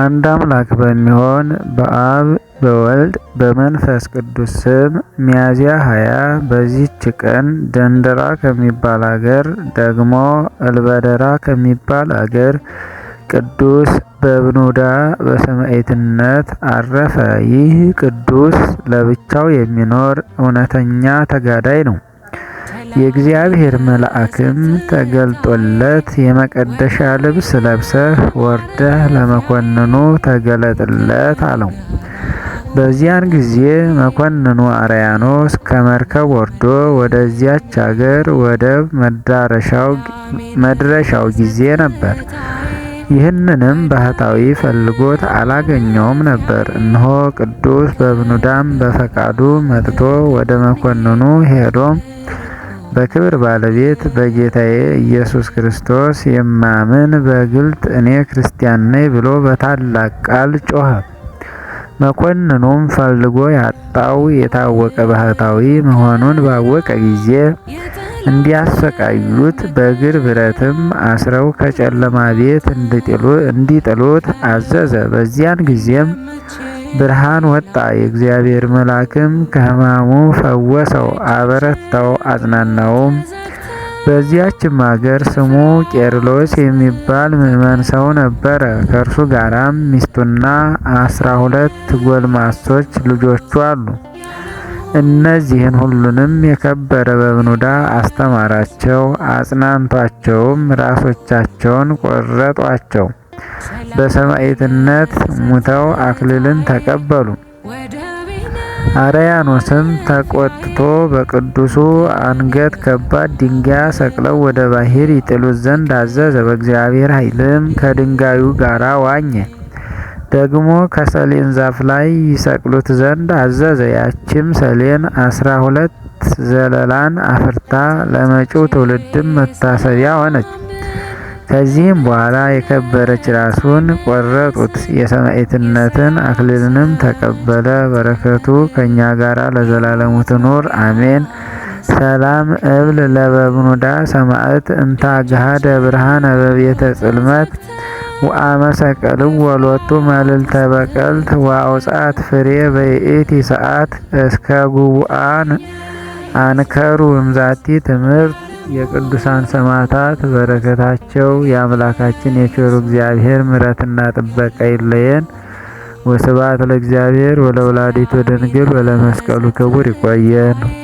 አንድ አምላክ በሚሆን በአብ በወልድ በመንፈስ ቅዱስ ስም ሚያዝያ 20 በዚች ቀን ደንደራ ከሚባል አገር ደግሞ እልበደራ ከሚባል አገር ቅዱስ በብኑዳ በሰማዕትነት አረፈ። ይህ ቅዱስ ለብቻው የሚኖር እውነተኛ ተጋዳይ ነው። የእግዚአብሔር መልአክም ተገልጦለት የመቀደሻ ልብስ ለብሰህ ወርደህ ለመኮንኑ ተገለጥለት አለው። በዚያን ጊዜ መኮንኑ አርያኖስ ከመርከብ ወርዶ ወደዚያች አገር ወደብ መድረሻው ጊዜ ነበር። ይህንንም ባህታዊ ፈልጎት አላገኘውም ነበር። እነሆ ቅዱስ በብኑዳም በፈቃዱ መጥቶ ወደ መኮንኑ ሄዶም በክብር ባለቤት በጌታዬ ኢየሱስ ክርስቶስ የማምን በግልጥ እኔ ክርስቲያን ነኝ ብሎ በታላቅ ቃል ጮኸ። መኮንኑም ፈልጎ ያጣው የታወቀ ባህታዊ መሆኑን ባወቀ ጊዜ እንዲያሰቃዩት በእግር ብረትም አስረው ከጨለማ ቤት እንዲጥሉት አዘዘ። በዚያን ጊዜም ብርሃን ወጣ። የእግዚአብሔር መልአክም ከሕማሙ ፈወሰው፣ አበረታው፣ አጽናናውም። በዚያችም አገር ስሙ ቄርሎስ የሚባል ምዕመን ሰው ነበረ። ከእርሱ ጋራም ሚስቱና አስራ ሁለት ጎልማሶች ልጆቹ አሉ። እነዚህን ሁሉንም የከበረ በብኑዳ አስተማራቸው፣ አጽናንቷቸውም ራሶቻቸውን ቆረጧቸው። በሰማዕትነት ሙተው አክሊልን ተቀበሉ። አርያኖስም ተቆጥቶ በቅዱሱ አንገት ከባድ ድንጋይ ሰቅለው ወደ ባህር ይጥሉት ዘንድ አዘዘ። በእግዚአብሔር ኃይልም ከድንጋዩ ጋር ዋኘ። ደግሞ ከሰሌን ዛፍ ላይ ይሰቅሉት ዘንድ አዘዘ። ያችም ሰሌን አስራ ሁለት ዘለላን አፍርታ ለመጪው ትውልድም መታሰቢያ ሆነች። ከዚህም በኋላ የከበረች ራሱን ቆረጡት፣ የሰማዕትነትን አክሊልንም ተቀበለ። በረከቱ ከእኛ ጋር ለዘላለሙ ትኑር አሜን። ሰላም እብል ለበብኑዳ ሰማዕት እንታ ገሃደ ብርሃነ በቤተ ጽልመት ወአመ ወሎቱ መልል በቀልት ወአውጻት ፍሬ በይእቲ ሰዓት እስከ ጉቡአን አንከሩ እምዛቲ ትምህርት የቅዱሳን ሰማዕታት በረከታቸው የአምላካችን የቸሩ እግዚአብሔር ምሕረትና ጥበቃ ይለየን። ወስብሐት ለእግዚአብሔር ወለወላዲቱ ድንግል ወለመስቀሉ ክቡር። ይቆየን።